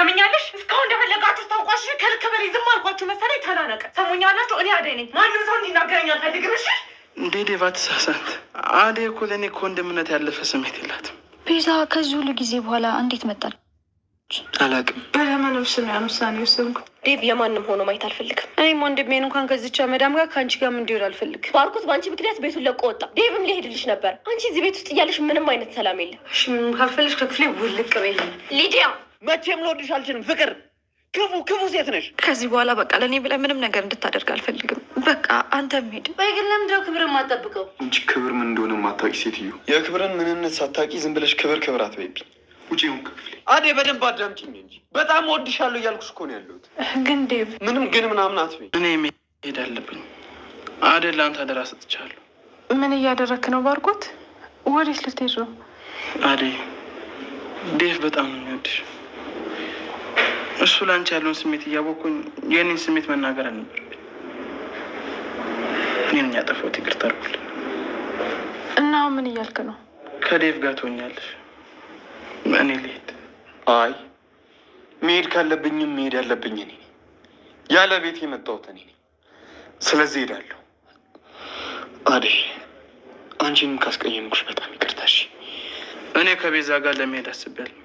ሰምኛለሽ? እስካሁን እንደፈለጋችሁ ታውቋሽ። ከልክ በላይ ዝም አልኳችሁ መሰለኝ። ተናነቀ ሰሙኛላችሁ። እኔ አደይ ነኝ። ማንም ሰው እንዲናገረኝ አልፈልግም። እሺ እንዴ ዴቭ አትሳሳት። አደይ እኮ ለእኔ እኮ ወንድምነት ያለፈ ስሜት የላትም። ቤዛ ከዚህ ሁሉ ጊዜ በኋላ እንዴት መጣል አላቅም። በለመንም ስም ያምሳኔ ስንኩ ዴቭ የማንም ሆኖ ማየት አልፈልግም። እኔም ወንድሜን እንኳን ከዚቻ መዳም ጋር ከአንቺ ጋር እንዲሆን አልፈልግም። ባርኮት በአንቺ ምክንያት ቤቱን ለቆ ወጣ። ዴቭም ሊሄድልሽ ነበር። አንቺ እዚህ ቤት ውስጥ እያለሽ ምንም አይነት ሰላም የለም። ካልፈልሽ ከክፍሌ ውልቅ በይ ሊዲያ መቼም ልወድሽ አልችልም ፍቅር ክፉ ክፉ ሴት ነሽ። ከዚህ በኋላ በቃ ለእኔ ብለህ ምንም ነገር እንድታደርግ አልፈልግም። በቃ አንተም ሄድ። ወይ ግን ለምንድን ክብር የማጠብቀው እንጂ ክብር ምን እንደሆነ የማታውቂ ሴትዮ፣ የክብርን ምንነት ሳታውቂ ዝም ብለሽ ክብር ክብር አትበይብኝ። ውጪ ሁን ክፍሌ። አዴ በደንብ አዳምጪኝ እንጂ በጣም ወድሻለሁ እያልኩሽ እኮ ነው ያለሁት። ግን ዴቭ ምንም ግን ምናምን አትበይ። እኔ መሄድ አለብኝ። አዴ ለአንተ አደራ ሰጥቻለሁ። ምን እያደረክ ነው ባርኮት? ወዴት ልትሄድ ነው? አዴ ዴቭ በጣም ነው የሚወድሽ እሱ ለአንቺ ያለውን ስሜት እያወቅኩኝ የእኔን ስሜት መናገር አልነበረብኝ። እኔን ያጠፋሁት ይቅርታ አድርጉልኝ። እና ምን እያልክ ነው? ከዴቭ ጋር ትሆኛለሽ። እኔ ልሄድ። አይ መሄድ ካለብኝም መሄድ ያለብኝ እኔ ያለ ቤት የመጣሁት እኔ ነኝ። ስለዚህ ሄዳለሁ። አዴ አንቺን ካስቀየምኩሽ በጣም ይቅርታሽ። እኔ ከቤዛ ጋር ለመሄድ አስቤያለሁ።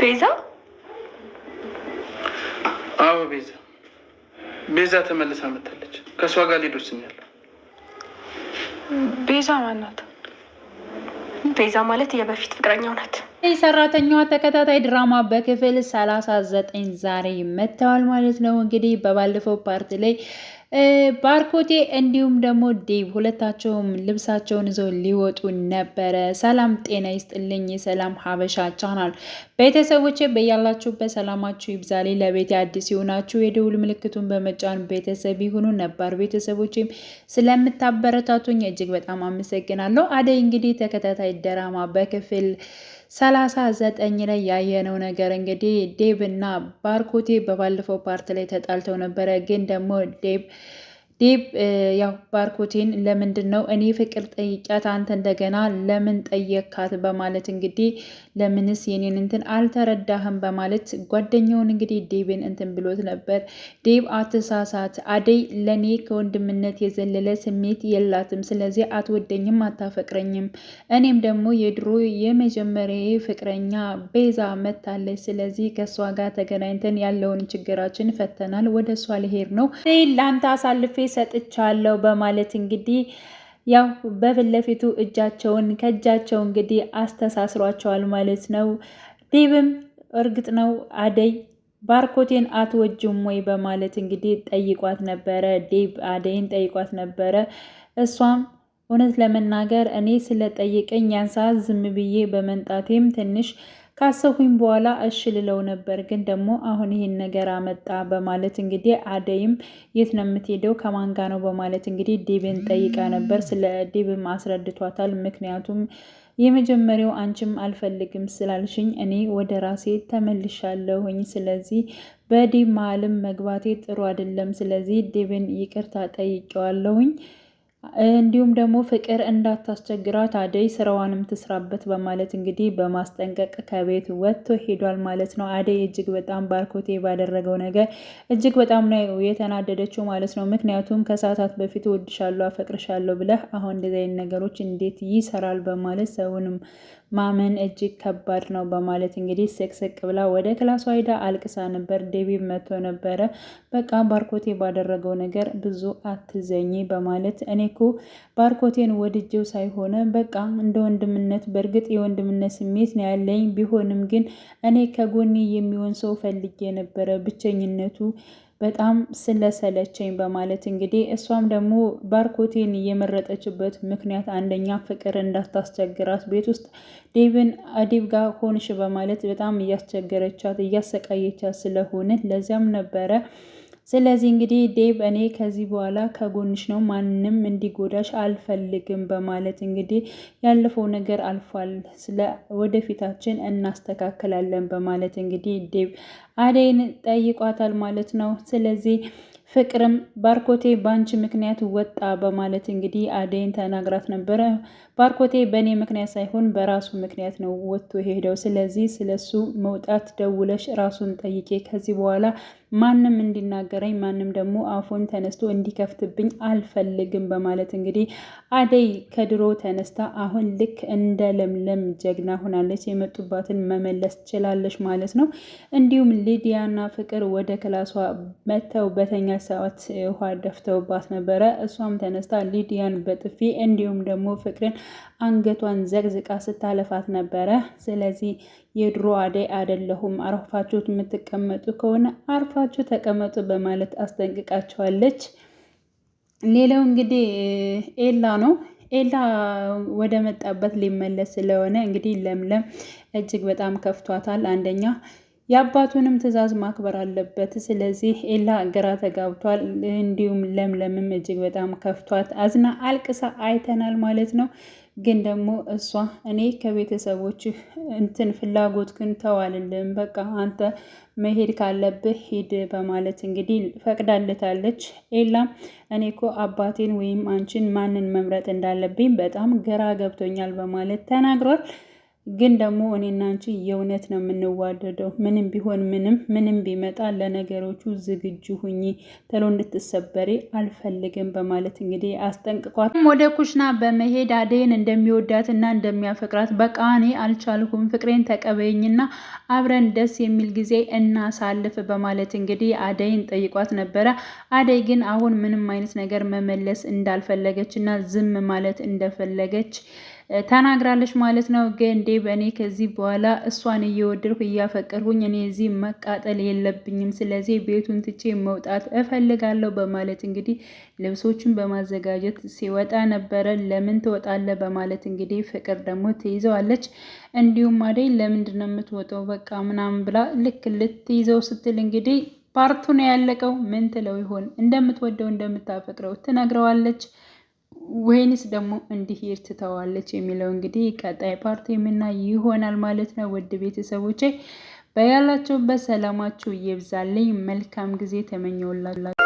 ቤዛ አዎ ቤዛ ቤዛ ተመልሳ መታለች። ከእሷ ጋር ሌሎች ቤዛ ማናት? ቤዛ ማለት የበፊት ፍቅረኛው ናት። ሰራተኛዋ ተከታታይ ድራማ በክፍል ሰላሳ ዘጠኝ ዛሬ መጥተዋል ማለት ነው። እንግዲህ በባለፈው ፓርት ላይ ባርኮቴ እንዲሁም ደግሞ ዴቭ ሁለታቸውም ልብሳቸውን ይዘው ሊወጡ ነበረ። ሰላም ጤና ይስጥልኝ። የሰላም ሀበሻ ቻናል ቤተሰቦች በያላችሁበት ሰላማችሁ ይብዛሌ። ለቤት አዲስ የሆናችሁ የደውል ምልክቱን በመጫን ቤተሰብ ይሁኑ። ነባር ቤተሰቦችም ስለምታበረታቱኝ እጅግ በጣም አመሰግናለሁ። አደይ እንግዲህ ተከታታይ ድራማ በክፍል ሰላሳ ዘጠኝ ላይ ያየነው ነገር እንግዲህ ዴብ እና ባርኮቴ በባለፈው ፓርት ላይ ተጣልተው ነበረ። ግን ደግሞ ዴብ ዴብ ያው ባርኮቴን ለምንድን ነው እኔ ፍቅር ጠይቂያት አንተ እንደገና ለምን ጠየካት? በማለት እንግዲህ ለምንስ የኔን እንትን አልተረዳህም? በማለት ጓደኛውን እንግዲህ ዴብን እንትን ብሎት ነበር። ዴብ አትሳሳት፣ አደይ ለእኔ ከወንድምነት የዘለለ ስሜት የላትም። ስለዚህ አትወደኝም፣ አታፈቅረኝም። እኔም ደግሞ የድሮ የመጀመሪያ ፍቅረኛ ቤዛ መታለች። ስለዚህ ከእሷ ጋር ተገናኝተን ያለውን ችግራችን ፈተናል። ወደ እሷ ልሄድ ነው ለአንተ አሳልፌ ሰጥቻለሁ በማለት እንግዲህ ያው በፊት ለፊቱ እጃቸውን ከእጃቸው እንግዲህ አስተሳስሯቸዋል ማለት ነው። ዲብም እርግጥ ነው አደይ ባርኮቴን አትወጅም ወይ በማለት እንግዲህ ጠይቋት ነበረ። ዴብ አደይን ጠይቋት ነበረ። እሷም እውነት ለመናገር እኔ ስለጠየቀኝ ያንሳ ዝም ብዬ በመንጣቴም ትንሽ ካሰብኩኝ በኋላ እሽ ልለው ነበር፣ ግን ደግሞ አሁን ይህን ነገር አመጣ በማለት እንግዲህ አደይም የት ነው የምትሄደው ከማን ጋ ነው በማለት እንግዲህ ዲብን ጠይቃ ነበር። ስለ ዲብም አስረድቷታል። ምክንያቱም የመጀመሪያው አንቺም አልፈልግም ስላልሽኝ እኔ ወደ ራሴ ተመልሻለሁኝ። ስለዚህ በዲብ መሀልም መግባቴ ጥሩ አይደለም። ስለዚህ ዲብን ይቅርታ ጠይቄዋለሁኝ። እንዲሁም ደግሞ ፍቅር እንዳታስቸግራት አደይ ስራዋንም ትስራበት በማለት እንግዲህ በማስጠንቀቅ ከቤት ወጥቶ ሄዷል ማለት ነው። አደይ እጅግ በጣም ባርኮቴ ባደረገው ነገር እጅግ በጣም ነው የተናደደችው ማለት ነው። ምክንያቱም ከሰዓታት በፊት ወድሻለሁ፣ አፈቅርሻለሁ ብለህ አሁን እንደዚህ አይነት ነገሮች እንዴት ይሰራል በማለት ሰውንም ማመን እጅግ ከባድ ነው በማለት እንግዲህ ስቅስቅ ብላ ወደ ክላሷ ሄዳ አልቅሳ ነበር። ዴቪ መቶ ነበረ። በቃ ባርኮቴ ባደረገው ነገር ብዙ አትዘኝ በማለት እኔ እኮ ባርኮቴን ወድጄው ሳይሆነ በቃ እንደ ወንድምነት በእርግጥ የወንድምነት ስሜት ነው ያለኝ። ቢሆንም ግን እኔ ከጎኔ የሚሆን ሰው ፈልጌ ነበረ ብቸኝነቱ በጣም ስለሰለቸኝ በማለት እንግዲህ እሷም ደግሞ ባርኮቴን የመረጠችበት ምክንያት አንደኛ ፍቅር እንዳታስቸግራት ቤት ውስጥ ዴቭን አዲብ ጋር ሆንሽ በማለት በጣም እያስቸገረቻት እያሰቃየቻት ስለሆነ ለዚያም ነበረ ስለዚህ እንግዲህ ዴብ እኔ ከዚህ በኋላ ከጎንሽ ነው፣ ማንም እንዲጎዳሽ አልፈልግም በማለት እንግዲህ ያለፈው ነገር አልፏል፣ ስለ ወደፊታችን እናስተካከላለን በማለት እንግዲህ ዴብ አደይን ጠይቋታል ማለት ነው። ስለዚህ ፍቅርም ባርኮቴ በአንቺ ምክንያት ወጣ በማለት እንግዲህ አደይን ተናግራት ነበረ። ባርኮቴ በእኔ ምክንያት ሳይሆን በራሱ ምክንያት ነው ወጥቶ ሄደው። ስለዚህ ስለሱ መውጣት ደውለሽ ራሱን ጠይቄ ከዚህ በኋላ ማንም እንዲናገረኝ ማንም ደግሞ አፉን ተነስቶ እንዲከፍትብኝ አልፈልግም በማለት እንግዲህ አደይ ከድሮ ተነስታ አሁን ልክ እንደ ለምለም ጀግና ሆናለች። የመጡባትን መመለስ ችላለች ማለት ነው። እንዲሁም ሊዲያና ፍቅር ወደ ክላሷ መጥተው በተኛ ሰዓት ውሃ ደፍተውባት ነበረ። እሷም ተነስታ ሊዲያን በጥፊ እንዲሁም ደግሞ ፍቅርን አንገቷን ዘቅዝቃ ስታለፋት ነበረ። ስለዚህ የድሮ አደይ አይደለሁም። አርፋችሁ የምትቀመጡ ከሆነ አርፋችሁ ተቀመጡ በማለት አስጠንቅቃቸዋለች። ሌላው እንግዲህ ኤላ ነው። ኤላ ወደ መጣበት ሊመለስ ስለሆነ እንግዲህ ለምለም እጅግ በጣም ከፍቷታል። አንደኛ የአባቱንም ትዕዛዝ ማክበር አለበት። ስለዚህ ኤላ ግራ ተጋብቷል። እንዲሁም ለምለምም እጅግ በጣም ከፍቷት አዝና አልቅሳ አይተናል ማለት ነው። ግን ደግሞ እሷ እኔ ከቤተሰቦች እንትን ፍላጎት ግን ተዋልልም፣ በቃ አንተ መሄድ ካለብህ ሂድ በማለት እንግዲህ ፈቅዳለታለች። ኤላም እኔ እኮ አባቴን ወይም አንቺን ማንን መምረጥ እንዳለብኝ በጣም ግራ ገብቶኛል በማለት ተናግሯል። ግን ደግሞ እኔና አንቺ የእውነት ነው የምንዋደደው። ምንም ቢሆን ምንም ምንም ቢመጣ ለነገሮቹ ዝግጁ ሁኚ፣ ተሎ እንድትሰበሪ አልፈልግም በማለት እንግዲህ አስጠንቅቋት ወደ ኩሽና በመሄድ አደይን እንደሚወዳትና እንደሚያፈቅራት በቃ እኔ አልቻልኩም፣ ፍቅሬን ተቀበይኝና አብረን ደስ የሚል ጊዜ እናሳልፍ በማለት እንግዲህ አደይን ጠይቋት ነበረ። አደይ ግን አሁን ምንም አይነት ነገር መመለስ እንዳልፈለገች እና ዝም ማለት እንደፈለገች ተናግራለች ማለት ነው። ግን ዴብ እኔ ከዚህ በኋላ እሷን እየወደድኩ እያፈቀርኩኝ እኔ እዚህ መቃጠል የለብኝም፣ ስለዚህ ቤቱን ትቼ መውጣት እፈልጋለሁ በማለት እንግዲህ ልብሶችን በማዘጋጀት ሲወጣ ነበረ። ለምን ትወጣለህ በማለት እንግዲህ ፍቅር ደግሞ ትይዘዋለች። እንዲሁም አደይ ለምንድን ነው የምትወጣው በቃ ምናምን ብላ ልክ ልትይዘው ስትል እንግዲህ ፓርቱ ነው ያለቀው። ምን ትለው ይሆን? እንደምትወደው እንደምታፈቅረው ትነግረዋለች። ወይንስ ደግሞ እንዲህ ትተዋለች የሚለው እንግዲህ ቀጣይ ፓርቲ የምናይ ይሆናል ማለት ነው። ውድ ቤተሰቦቼ በያላችሁበት ሰላማችሁ ይብዛልኝ። መልካም ጊዜ ተመኘውላችሁ።